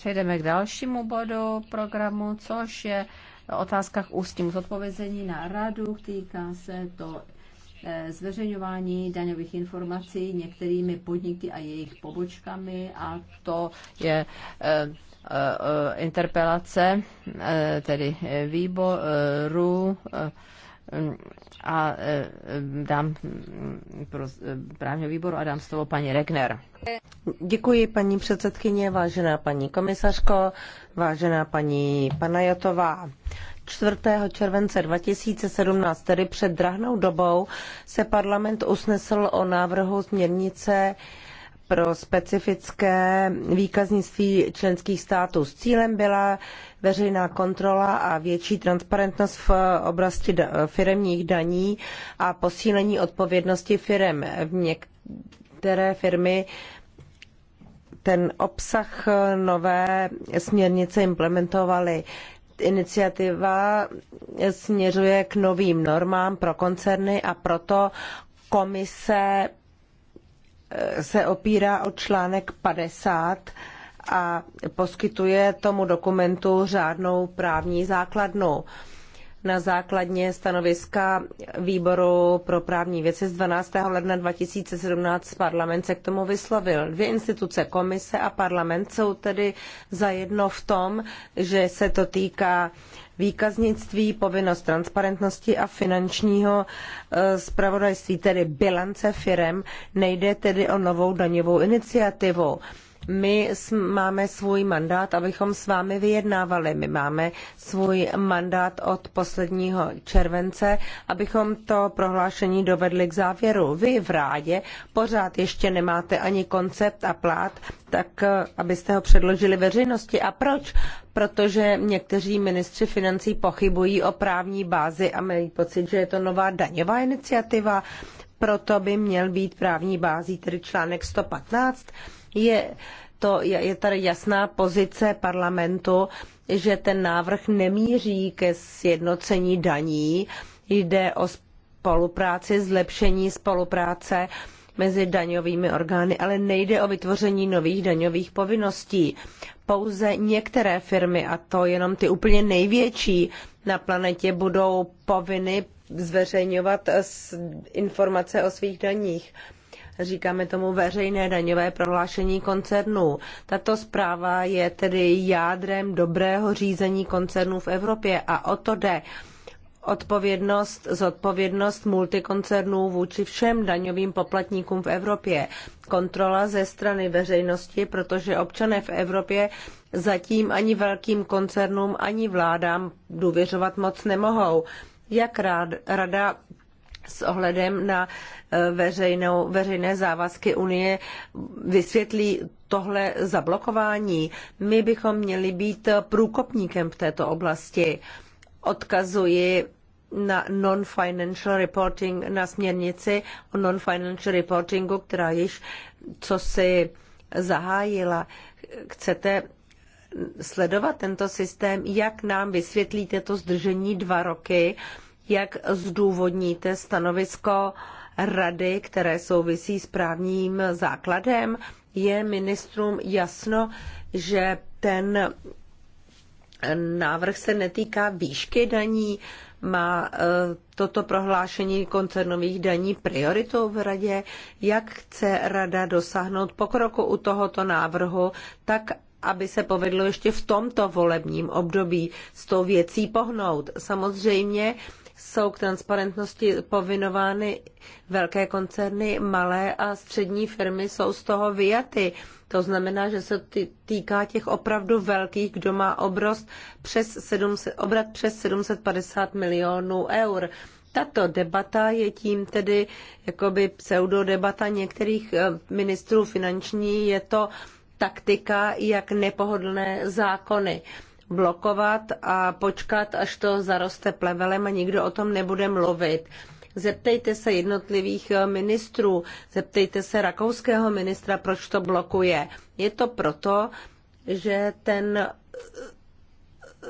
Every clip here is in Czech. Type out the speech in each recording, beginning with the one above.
Přejdeme k dalšímu bodu programu, což je otázka k ústním zodpovězení na radu. Týká se to eh, zveřejňování daňových informací některými podniky a jejich pobočkami a to je eh, eh, interpelace, tedy výboru a e, dám pro e, právního výboru a dám slovo paní Regner. Děkuji paní předsedkyně, vážená paní komisařko, vážená paní Panajotová. 4. července 2017, tedy před drahnou dobou, se parlament usnesl o návrhu směrnice pro specifické výkaznictví členských států. S cílem byla veřejná kontrola a větší transparentnost v oblasti firemních daní a posílení odpovědnosti firem. V některé firmy ten obsah nové směrnice implementovaly iniciativa směřuje k novým normám pro koncerny a proto komise se opírá o článek 50 a poskytuje tomu dokumentu řádnou právní základnu na základně stanoviska výboru pro právní věci z 12. ledna 2017 parlament se k tomu vyslovil. Dvě instituce, komise a parlament, jsou tedy zajedno v tom, že se to týká výkaznictví, povinnost transparentnosti a finančního eh, zpravodajství, tedy bilance firem. Nejde tedy o novou daňovou iniciativu my máme svůj mandát, abychom s vámi vyjednávali. My máme svůj mandát od posledního července, abychom to prohlášení dovedli k závěru. Vy v rádě pořád ještě nemáte ani koncept a plát, tak eh, abyste ho předložili veřejnosti. A proč? Protože někteří ministři financí pochybují o právní bázi a mají pocit, že je to nová daňová iniciativa. Proto by měl být právní bází, tedy článek 115 je to je tady jasná pozice parlamentu, že ten návrh nemíří ke sjednocení daní, jde o spolupráci, zlepšení spolupráce mezi daňovými orgány, ale nejde o vytvoření nových daňových povinností. Pouze některé firmy, a to jenom ty úplně největší na planetě, budou povinny zveřejňovat informace o svých daních říkáme tomu veřejné daňové prohlášení koncernů. Tato zpráva je tedy jádrem dobrého řízení koncernů v Evropě a o to jde odpovědnost, zodpovědnost multikoncernů vůči všem daňovým poplatníkům v Evropě. Kontrola ze strany veřejnosti, protože občané v Evropě zatím ani velkým koncernům, ani vládám důvěřovat moc nemohou. Jak rád, rada s ohledem na eh, veřejnou, veřejné závazky Unie vysvětlí tohle zablokování. My bychom měli být průkopníkem v této oblasti. Odkazuji na non-financial reporting, na směrnici o non-financial reportingu, která již co si zahájila. Chcete sledovat tento systém, jak nám vysvětlíte to zdržení dva roky, jak zdůvodníte stanovisko rady, které souvisí s právním základem? Je ministrům jasno, že ten návrh se netýká výšky daní, má e, toto prohlášení koncernových daní prioritou v radě? Jak chce rada dosáhnout pokroku u tohoto návrhu, tak aby se povedlo ještě v tomto volebním období s tou věcí pohnout? Samozřejmě jsou k transparentnosti povinovány velké koncerny, malé a střední firmy jsou z toho vyjaty. To znamená, že se týká těch opravdu velkých, kdo má obrost přes 700, obrat přes 750 milionů eur. Tato debata je tím tedy jakoby pseudodebata některých eh, ministrů finanční, je to taktika, jak nepohodlné zákony blokovat a počkat, až to zaroste plevelem a nikdo o tom nebude mluvit. Zeptejte se jednotlivých eh, ministrů, zeptejte se rakouského ministra, proč to blokuje. Je to proto, že ten eh,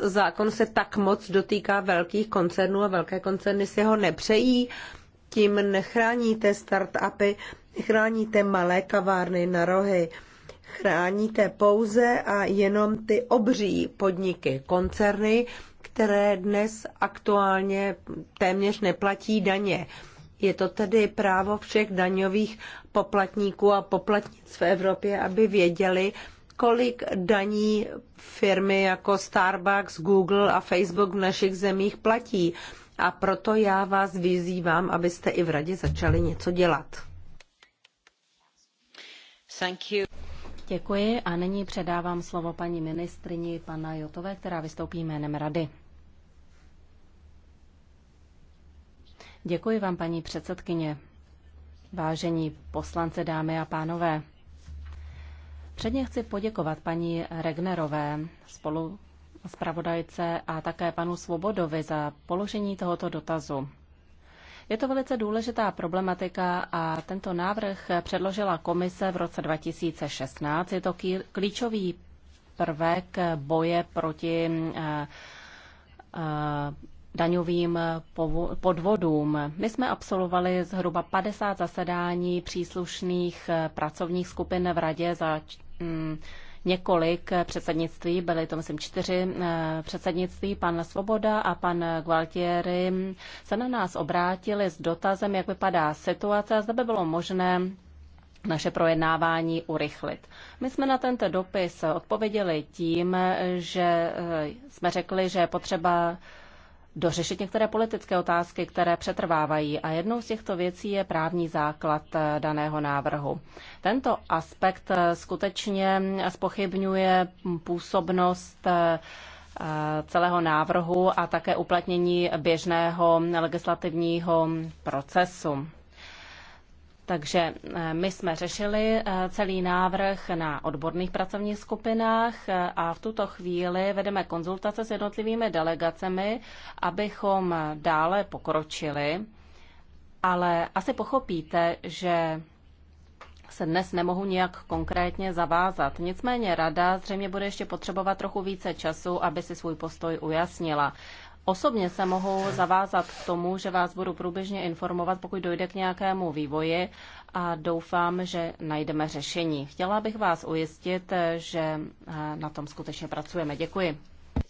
zákon se tak moc dotýká velkých koncernů a velké koncerny si ho nepřejí. Tím nechráníte startupy, nechráníte malé kavárny na rohy chráníte pouze a jenom ty obří podniky, koncerny, které dnes aktuálně téměř neplatí daně. Je to tedy právo všech daňových poplatníků a poplatnic v Evropě, aby věděli, kolik daní firmy jako Starbucks, Google a Facebook v našich zemích platí. A proto já vás vyzývám, abyste i v radě začali něco dělat. Thank you. Děkuji a nyní předávám slovo paní ministrini pana Jotové, která vystoupí jménem Rady. Děkuji vám, paní předsedkyně. Vážení poslance, dámy a pánové. Předně chci poděkovat paní Regnerové spolu zpravodajce a také panu Svobodovi za položení tohoto dotazu. Je to velice důležitá problematika a tento návrh předložila komise v roce 2016. Je to klíčový prvek boje proti eh, eh, daňovým podvodům. My jsme absolvovali zhruba 50 zasedání příslušných eh, pracovních skupin v Radě za mm, několik předsednictví, byly to myslím čtyři eh, předsednictví, pan Svoboda a pan Gualtieri se na nás obrátili s dotazem, jak vypadá situace a zda by bylo možné naše projednávání urychlit. My jsme na tento dopis odpověděli tím, že eh, jsme řekli, že je potřeba dořešit některé politické otázky, které přetrvávají. A jednou z těchto věcí je právní základ eh, daného návrhu. Tento aspekt eh, skutečně spochybňuje působnost eh, celého návrhu a také uplatnění běžného legislativního procesu. Takže eh, my jsme řešili eh, celý návrh na odborných pracovních skupinách eh, a v tuto chvíli vedeme konzultace s jednotlivými delegacemi, abychom dále pokročili. Ale asi pochopíte, že se dnes nemohu nějak konkrétně zavázat. Nicméně rada zřejmě bude ještě potřebovat trochu více času, aby si svůj postoj ujasnila. Osobně se mohu zavázat k tomu, že vás budu průběžně informovat, pokud dojde k nějakému vývoji a doufám, že najdeme řešení. Chtěla bych vás ujistit, že eh, na tom skutečně pracujeme. Děkuji.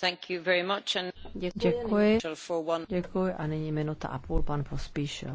Thank you very much and... Děkuji. Děkuji. Děkuji a nyní minuta a půl pan Pospíšil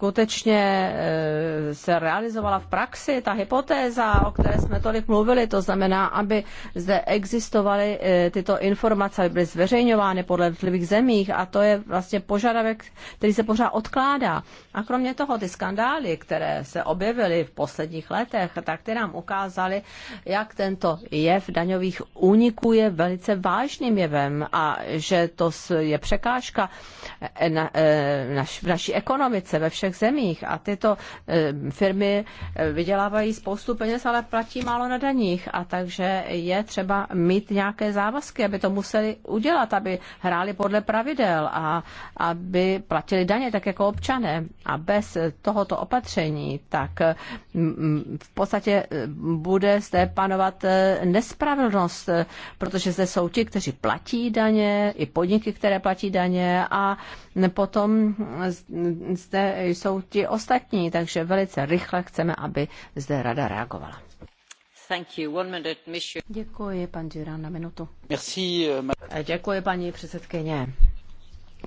skutečně eh, se realizovala v praxi ta hypotéza, o které jsme tolik mluvili, to znamená, aby zde existovaly eh, tyto informace, aby byly zveřejňovány podle jednotlivých zemích a to je vlastně požadavek, který se pořád odkládá. A kromě toho ty skandály, které se objevily v posledních letech, tak ty nám ukázaly, jak tento jev daňových úniků je velice vážným jevem a že to je překážka eh, na, na, naší ekonomice ve všech všech zemích a tyto eh, firmy eh, vydělávají spoustu peněz, ale platí málo na daních a takže je třeba mít nějaké závazky, aby to museli udělat, aby hráli podle pravidel a aby platili daně tak jako občané. A bez tohoto opatření, tak eh, v podstatě bude zde panovat nespravedlnost, protože zde jsou ti, kteří platí daně, i podniky, které platí daně a potom zde jsou ti ostatní, takže velice rychle chceme, aby zde rada reagovala. Minute, Děkuji, pan Duran, na minutu. Merci, ma... Eh, děkuji, paní předsedkyně.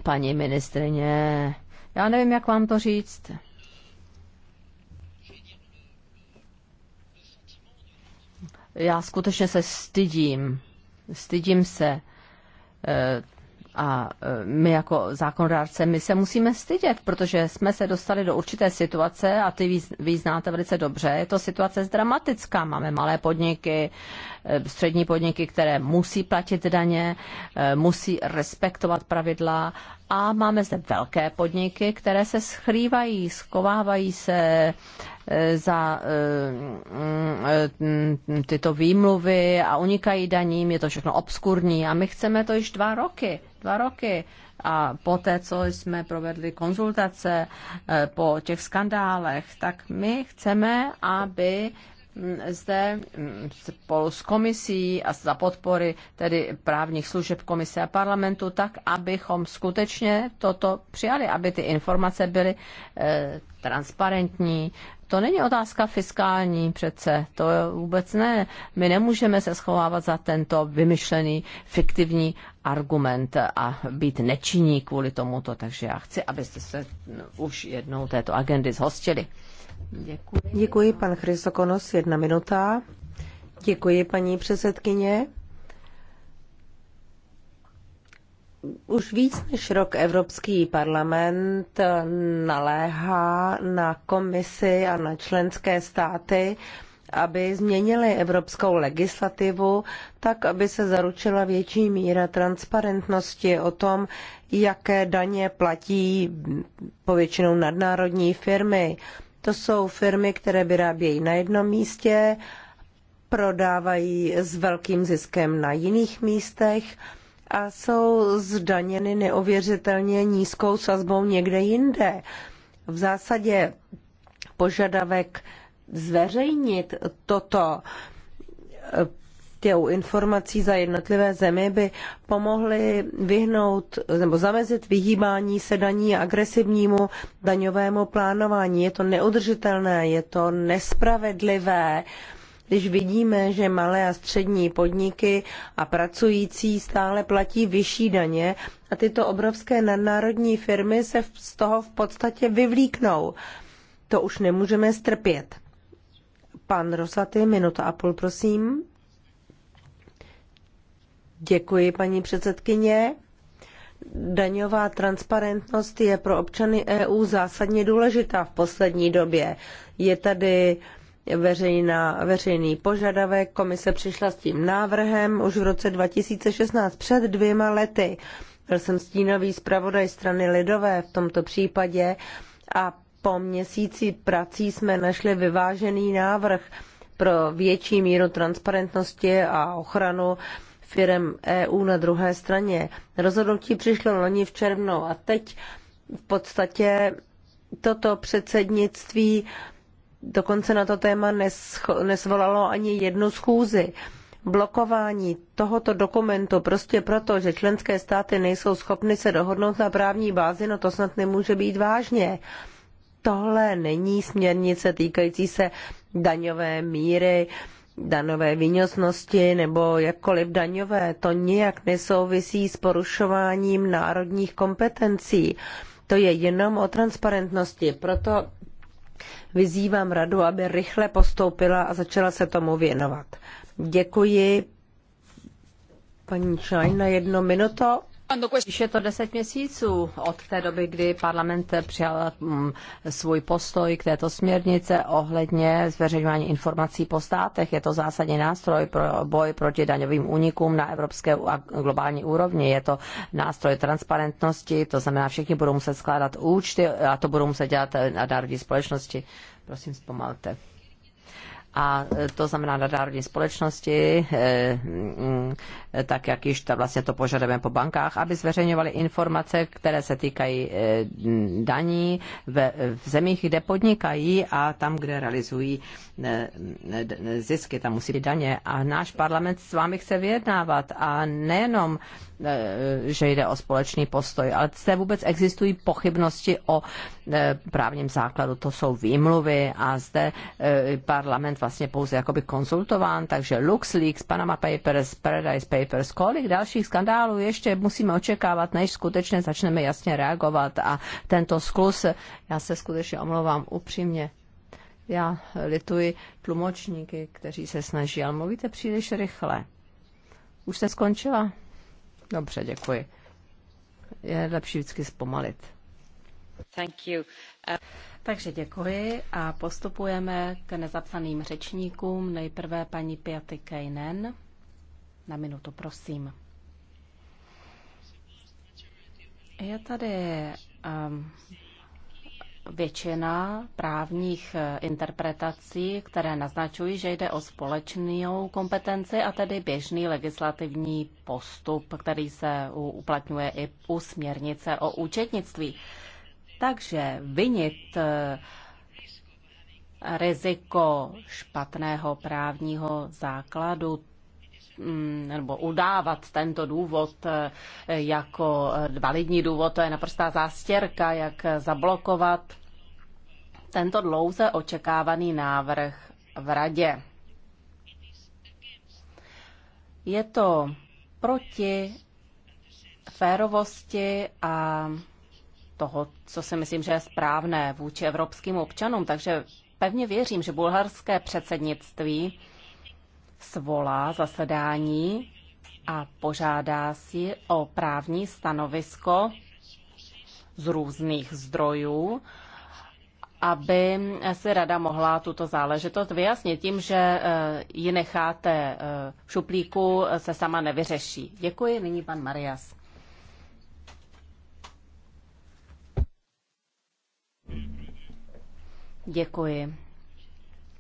Paní ministrině, já nevím, jak vám to říct. Já skutečně se stydím. Stydím se eh, a e, my jako zákonodárce, my se musíme stydět, protože jsme se dostali do určité situace a ty vy znáte velice dobře. Je to situace dramatická. Máme malé podniky, e, střední podniky, které musí platit daně, e, musí respektovat pravidla a máme zde velké podniky, které se schrývají, skovávají se e, za e, mm, e, mm, tyto výmluvy a unikají daním, je to všechno obskurní a my chceme to již dva roky, dva roky a poté, co jsme provedli konzultace po těch skandálech, tak my chceme, aby zde mm, spolu s komisí a za podpory tedy právních služeb komise a parlamentu, tak abychom skutečně toto přijali, aby ty informace byly e, transparentní. To není otázka fiskální přece, to vůbec ne. My nemůžeme se schovávat za tento vymyšlený fiktivní argument a být nečinní kvůli tomuto, takže já chci, abyste se mm, už jednou této agendy zhostili. Děkuji. Děkuji, pan Chrysokonos, jedna minuta. Děkuji, paní předsedkyně. Už víc než rok Evropský parlament naléhá na komisi a na členské státy, aby změnili evropskou legislativu tak, aby se zaručila větší míra transparentnosti o tom, jaké daně platí povětšinou nadnárodní firmy. To jsou firmy, které vyrábějí na jednom místě, prodávají s velkým ziskem na jiných místech a jsou zdaněny neuvěřitelně nízkou sazbou někde jinde. V zásadě požadavek zveřejnit toto u informací za jednotlivé země by pomohly vyhnout nebo zamezit vyhýbání se daní a agresivnímu daňovému plánování. Je to neudržitelné, je to nespravedlivé když vidíme, že malé a střední podniky a pracující stále platí vyšší daně a tyto obrovské nadnárodní firmy se z toho v podstatě vyvlíknou. To už nemůžeme strpět. Pan Rosaty, minuta a půl, prosím. Děkuji, paní předsedkyně. Daňová transparentnost je pro občany EU zásadně důležitá v poslední době. Je tady veřejná, veřejný požadavek, komise přišla s tím návrhem už v roce 2016, před dvěma lety. Byl jsem stínový zpravodaj strany Lidové v tomto případě a po měsíci prací jsme našli vyvážený návrh pro větší míru transparentnosti a ochranu firm EU na druhé straně. Rozhodnutí přišlo loni v červnu a teď v podstatě toto předsednictví dokonce na to téma nesvolalo ani jednu schůzi. Blokování tohoto dokumentu prostě proto, že členské státy nejsou schopny se dohodnout na právní bázi, no to snad nemůže být vážně. Tohle není směrnice týkající se daňové míry, danové výnosnosti nebo jakkoliv daňové, to nijak nesouvisí s porušováním národních kompetencí. To je jenom o transparentnosti. Proto vyzývám radu, aby rychle postoupila a začala se tomu věnovat. Děkuji. Paní Šajn jedno minuto. Když je to deset měsíců od té doby, kdy parlament přijal mm, svůj postoj k této směrnice ohledně zveřejňování informací po státech, je to zásadní nástroj pro boj proti daňovým únikům na evropské a globální úrovni. Je to nástroj transparentnosti, to znamená, všichni budou muset skládat účty a to budou muset dělat národní společnosti. Prosím, zpomalte a e, to znamená nadárodní společnosti, e, tak jak již to vlastně to požadujeme po bankách, aby zveřejňovali informace, které se týkají e, daní v zemích, kde podnikají a tam, kde realizují zisky, tam musí být daně. A náš parlament s vámi chce vyjednávat a nejenom, že jde o společný postoj, ale zde vůbec existují pochybnosti o právním základu. To jsou výmluvy a zde parlament vlastně pouze jakoby konzultován, takže LuxLeaks, Panama Papers, Paradise Papers, kolik dalších skandálů ještě musíme očekávat, než skutečně začneme jasně reagovat a tento sklus, já se skutečně omlouvám upřímně, já lituji tlumočníky, kteří se snaží, ale mluvíte příliš rychle. Už se skončila? Dobře, děkuji. Je lepší vždycky zpomalit. Uh, Takže děkuji a postupujeme k nezapsaným řečníkům. Nejprve paní Piaty Kejnen. Na minutu, prosím. Je tady um, většina právních eh, interpretací, které naznačují, že jde o společnou kompetenci a tedy běžný legislativní postup, který se uplatňuje i u směrnice o účetnictví. Takže vinit eh, riziko špatného právního základu mm, nebo udávat tento důvod eh, jako eh, validní důvod, to je naprostá zástěrka, jak zablokovat tento dlouze očekávaný návrh v radě. Je to proti férovosti a toho, co si myslím, že je správné vůči evropským občanům. Takže pevně věřím, že bulharské předsednictví svolá zasedání a požádá si o právní stanovisko z různých zdrojů, aby si rada mohla tuto záležitost vyjasnit tím, že eh, ji necháte eh, v šuplíku, eh, se sama nevyřeší. Děkuji, nyní pan Marias. Děkuji.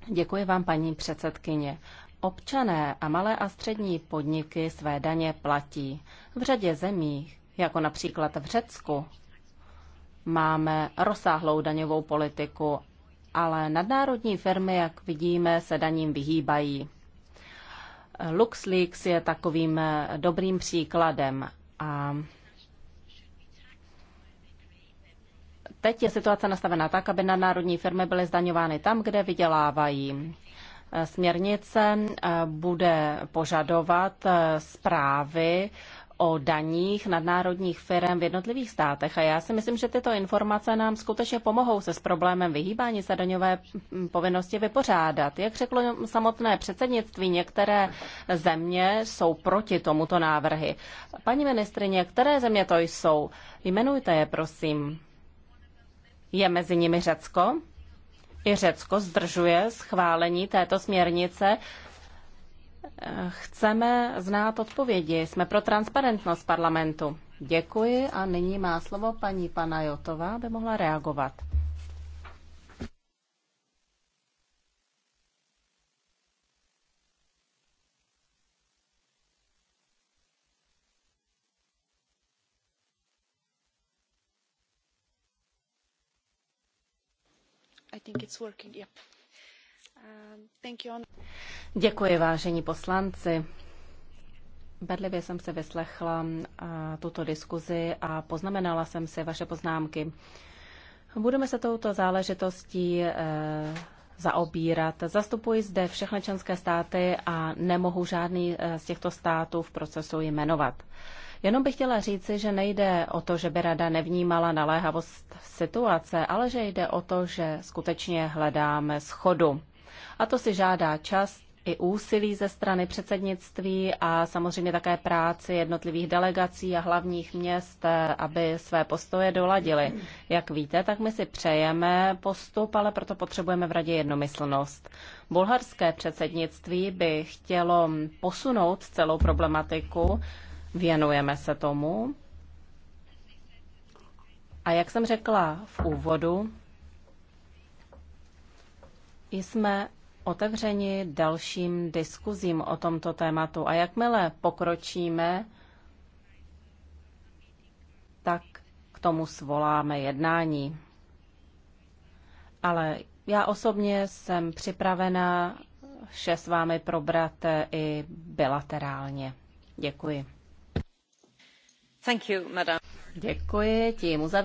Děkuji vám, paní předsedkyně. Občané a malé a střední podniky své daně platí. V řadě zemí, jako například v Řecku, máme rozsáhlou daňovou politiku, ale nadnárodní firmy, jak vidíme, se daním vyhýbají. LuxLeaks je takovým dobrým příkladem a Teď je situace nastavená tak, aby nadnárodní firmy byly zdaňovány tam, kde vydělávají. Eh, směrnice eh, bude požadovat eh, zprávy o daních nadnárodních firm v jednotlivých státech. A já si myslím, že tyto informace nám skutečně pomohou se s problémem vyhýbání se daňové mm, povinnosti vypořádat. Jak řeklo samotné předsednictví, některé země jsou proti tomuto návrhy. Paní ministrině, které země to jsou? Jmenujte je, prosím. Je mezi nimi Řecko. I Řecko zdržuje schválení této směrnice. Chceme znát odpovědi. Jsme pro transparentnost parlamentu. Děkuji a nyní má slovo paní Panajotová, aby mohla reagovat. Uh, Děkuji, vážení poslanci. Bedlivě jsem si vyslechla uh, tuto diskuzi a poznamenala jsem si vaše poznámky. Budeme se touto záležitostí uh, zaobírat. Zastupuji zde všechny členské státy a nemohu žádný z těchto států v procesu jmenovat. Jenom bych chtěla říci, že nejde o to, že by rada nevnímala naléhavost situace, ale že jde o to, že skutečně hledáme schodu. A to si žádá čas i úsilí ze strany předsednictví a samozřejmě také práci jednotlivých delegací a hlavních měst, eh, aby své postoje doladili. Jak víte, tak my si přejeme postup, ale proto potřebujeme v radě jednomyslnost. Bulharské předsednictví by chtělo posunout celou problematiku Věnujeme se tomu. A jak jsem řekla v úvodu, jsme otevřeni dalším diskuzím o tomto tématu. A jakmile pokročíme, tak k tomu svoláme jednání. Ale já osobně jsem připravena vše s vámi probrat i bilaterálně. Děkuji. Thank you, madam. Děkuji, tím uzavírám.